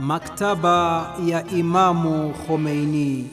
Maktaba ya Imamu Khomeini.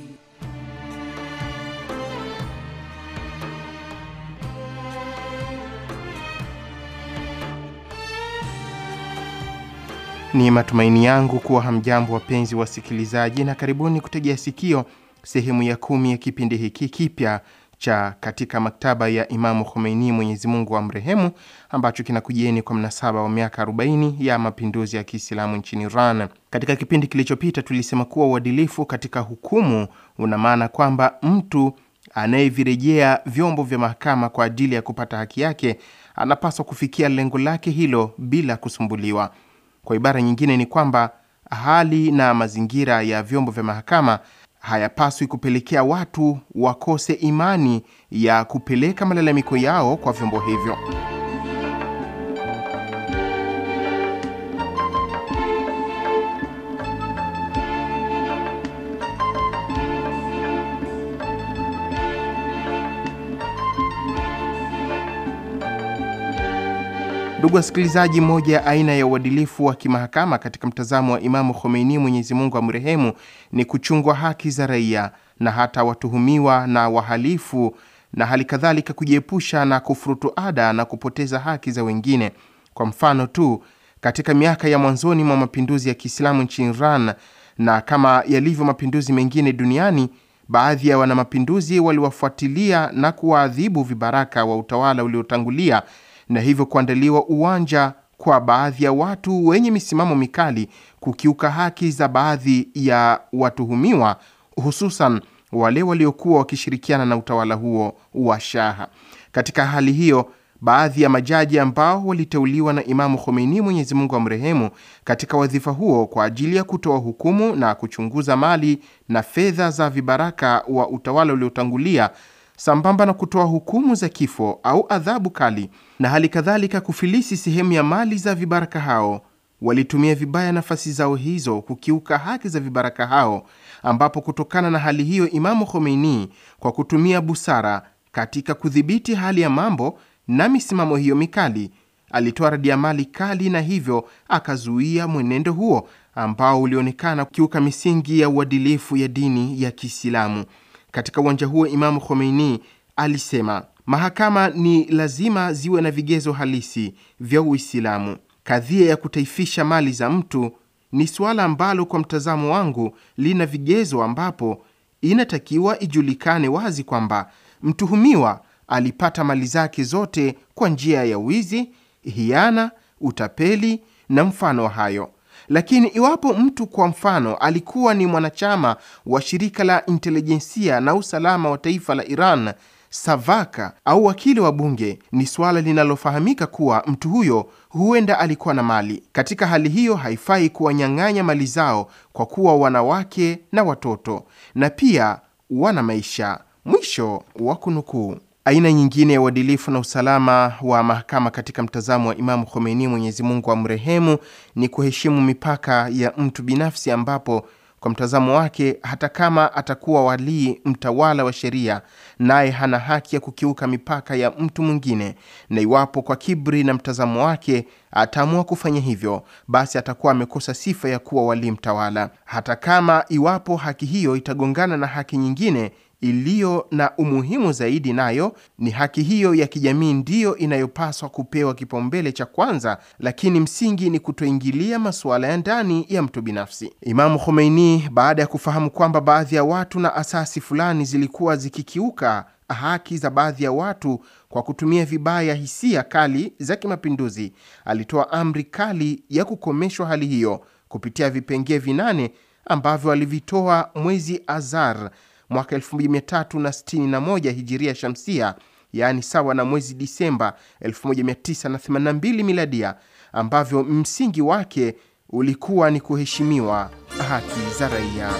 Ni matumaini yangu kuwa hamjambo wapenzi wasikilizaji, na karibuni kutegea sikio sehemu ya kumi ya kipindi hiki kipya cha katika maktaba ya Imamu Khomeini Mwenyezi Mungu mrehemu ambacho kinakujieni kwa mnasaba wa miaka 40 ya mapinduzi ya Kiislamu nchini Iran. Katika kipindi kilichopita, tulisema kuwa uadilifu katika hukumu una maana kwamba mtu anayevirejea vyombo vya mahakama kwa ajili ya kupata haki yake anapaswa kufikia lengo lake hilo bila kusumbuliwa. Kwa ibara nyingine, ni kwamba hali na mazingira ya vyombo vya mahakama hayapaswi kupelekea watu wakose imani ya kupeleka malalamiko yao kwa vyombo hivyo. Ndugu wasikilizaji, moja ya aina ya uadilifu wa kimahakama katika mtazamo wa Imamu Khomeini, Mwenyezi Mungu amrehemu, ni kuchungwa haki za raia na hata watuhumiwa na wahalifu, na hali kadhalika kujiepusha na kufurutu ada na kupoteza haki za wengine. Kwa mfano tu, katika miaka ya mwanzoni mwa mapinduzi ya Kiislamu nchini Iran, na kama yalivyo mapinduzi mengine duniani, baadhi ya wanamapinduzi waliwafuatilia na kuwaadhibu vibaraka wa utawala uliotangulia na hivyo kuandaliwa uwanja kwa baadhi ya watu wenye misimamo mikali kukiuka haki za baadhi ya watuhumiwa, hususan wale waliokuwa wakishirikiana na utawala huo wa shaha. Katika hali hiyo, baadhi ya majaji ambao waliteuliwa na Imamu Khomeini, Mwenyezi Mungu mrehemu katika wadhifa huo kwa ajili ya kutoa hukumu na kuchunguza mali na fedha za vibaraka wa utawala uliotangulia sambamba na kutoa hukumu za kifo au adhabu kali, na hali kadhalika kufilisi sehemu ya mali za vibaraka hao. Walitumia vibaya nafasi zao hizo kukiuka haki za vibaraka hao, ambapo kutokana na hali hiyo, Imamu Khomeini kwa kutumia busara katika kudhibiti hali ya mambo na misimamo hiyo mikali alitoa radiamali kali na hivyo akazuia mwenendo huo ambao ulionekana kukiuka misingi ya uadilifu ya dini ya Kiislamu. Katika uwanja huo, Imamu Khomeini alisema mahakama ni lazima ziwe na vigezo halisi vya Uislamu. Kadhia ya kutaifisha mali za mtu ni suala ambalo kwa mtazamo wangu lina vigezo, ambapo inatakiwa ijulikane wazi kwamba mtuhumiwa alipata mali zake zote kwa njia ya wizi, hiana, utapeli na mfano hayo. Lakini iwapo mtu kwa mfano alikuwa ni mwanachama wa shirika la intelijensia na usalama wa taifa la Iran, SAVAKA, au wakili wa bunge, ni suala linalofahamika kuwa mtu huyo huenda alikuwa na mali. Katika hali hiyo, haifai kuwanyang'anya mali zao, kwa kuwa wanawake na watoto na pia wana maisha. Mwisho wa kunukuu. Aina nyingine ya uadilifu na usalama wa mahakama katika mtazamo wa Imamu Khomeini, Mwenyezi Mungu amrehemu, ni kuheshimu mipaka ya mtu binafsi, ambapo kwa mtazamo wake, hata kama atakuwa walii mtawala wa sheria, naye hana haki ya kukiuka mipaka ya mtu mwingine, na iwapo kwa kibri na mtazamo wake ataamua kufanya hivyo, basi atakuwa amekosa sifa ya kuwa walii mtawala, hata kama iwapo haki hiyo itagongana na haki nyingine iliyo na umuhimu zaidi, nayo ni haki hiyo ya kijamii ndiyo inayopaswa kupewa kipaumbele cha kwanza, lakini msingi ni kutoingilia masuala ya ndani ya mtu binafsi. Imamu Khomeini, baada ya kufahamu kwamba baadhi ya watu na asasi fulani zilikuwa zikikiuka haki za baadhi ya watu kwa kutumia vibaya hisia kali za kimapinduzi, alitoa amri kali ya kukomeshwa hali hiyo kupitia vipengee vinane ambavyo alivitoa mwezi Azar mwaka 1361 hijiria shamsia, yaani sawa na mwezi Disemba 1982 miladia, ambavyo msingi wake ulikuwa ni kuheshimiwa haki za raia.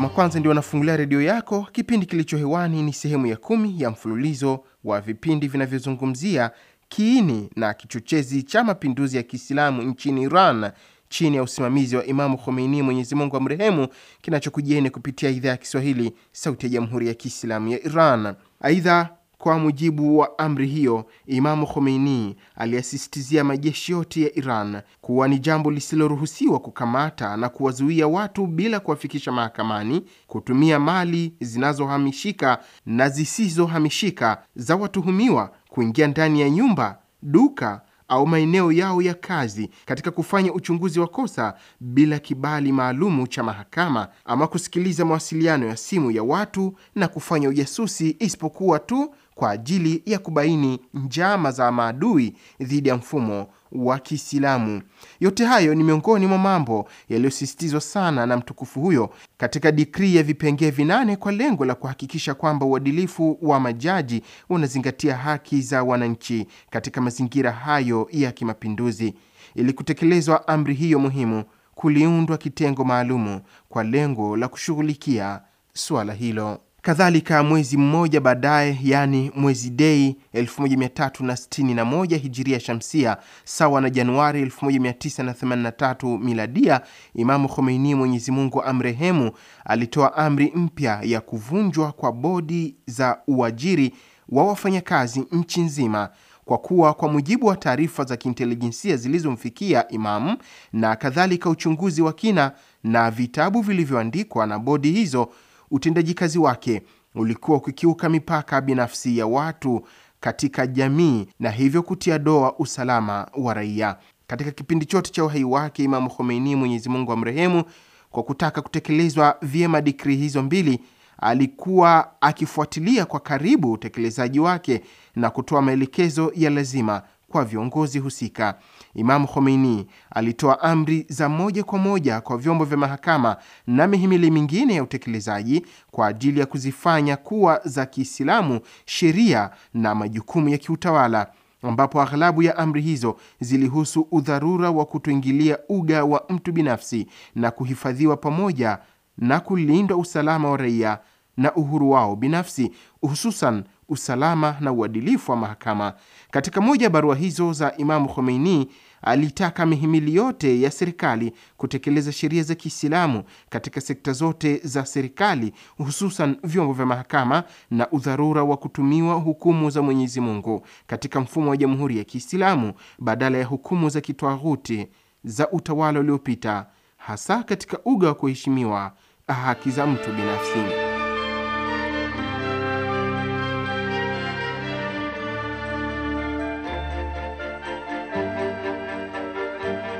Kama kwanza ndio unafungulia redio yako, kipindi kilicho hewani ni sehemu ya kumi ya mfululizo wa vipindi vinavyozungumzia kiini na kichochezi cha mapinduzi ya Kiislamu nchini Iran chini ya usimamizi wa Imamu Khomeini, Mwenyezi Mungu mrehemu kinachokujieni kupitia idhaa ya Kiswahili, Sauti ya Jamhuri ya Kiislamu ya Iran. Aidha, kwa mujibu wa amri hiyo, Imamu Khomeini aliyasisitizia majeshi yote ya Iran kuwa ni jambo lisiloruhusiwa kukamata na kuwazuia watu bila kuwafikisha mahakamani, kutumia mali zinazohamishika na zisizohamishika za watuhumiwa, kuingia ndani ya nyumba, duka au maeneo yao ya kazi katika kufanya uchunguzi wa kosa bila kibali maalumu cha mahakama, ama kusikiliza mawasiliano ya simu ya watu na kufanya ujasusi, isipokuwa tu kwa ajili ya kubaini njama za maadui dhidi ya mfumo wa Kiislamu. Yote hayo ni miongoni mwa mambo yaliyosisitizwa sana na mtukufu huyo katika dikrii ya vipengee vinane kwa lengo la kuhakikisha kwamba uadilifu wa majaji unazingatia haki za wananchi katika mazingira hayo ya kimapinduzi. Ili kutekelezwa amri hiyo muhimu, kuliundwa kitengo maalumu kwa lengo la kushughulikia suala hilo. Kadhalika, mwezi mmoja baadaye, yani mwezi Dei 1361 hijiria shamsia, sawa na Januari 1983 miladia, Imamu Khomeini Mwenyezi Mungu amrehemu, alitoa amri mpya ya kuvunjwa kwa bodi za uajiri wa wafanyakazi nchi nzima kwa kuwa kwa mujibu wa taarifa za kiintelijensia zilizomfikia Imamu na kadhalika uchunguzi wa kina na vitabu vilivyoandikwa na bodi hizo utendaji kazi wake ulikuwa ukikiuka mipaka binafsi ya watu katika jamii na hivyo kutia doa usalama wa raia. Katika kipindi chote cha uhai wake, Imamu Khomeini, Mwenyezi Mungu amrehemu, kwa kutaka kutekelezwa vyema dikrii hizo mbili, alikuwa akifuatilia kwa karibu utekelezaji wake na kutoa maelekezo ya lazima kwa viongozi husika. Imamu Khomeini alitoa amri za moja kwa moja kwa vyombo vya mahakama na mihimili mingine ya utekelezaji kwa ajili ya kuzifanya kuwa za Kiislamu sheria na majukumu ya kiutawala ambapo aghlabu ya amri hizo zilihusu udharura wa kutoingilia uga wa mtu binafsi na kuhifadhiwa pamoja na kulindwa usalama wa raia na uhuru wao binafsi, hususan usalama na uadilifu wa mahakama. Katika moja ya barua hizo za Imamu Khomeini alitaka mihimili yote ya serikali kutekeleza sheria za Kiislamu katika sekta zote za serikali, hususan vyombo vya mahakama na udharura wa kutumiwa hukumu za Mwenyezi Mungu katika mfumo wa Jamhuri ya Kiislamu badala ya hukumu za kitwaghuti za utawala uliopita, hasa katika uga wa kuheshimiwa haki za mtu binafsi.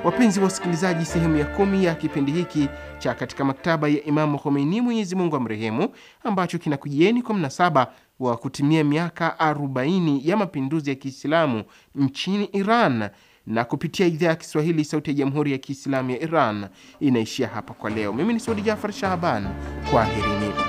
Wapenzi wasikilizaji, sehemu ya kumi ya kipindi hiki cha katika maktaba ya Imamu Khomeini, Mwenyezi Mungu amrehemu, ambacho kinakujieni kwa mnasaba wa kutimia miaka 40 ya mapinduzi ya Kiislamu nchini Iran na kupitia idhaa ya Kiswahili Sauti ya Jamhuri ya Kiislamu ya Iran inaishia hapa kwa leo. Mimi ni Saudi Jafar Shahaban, kwaherini.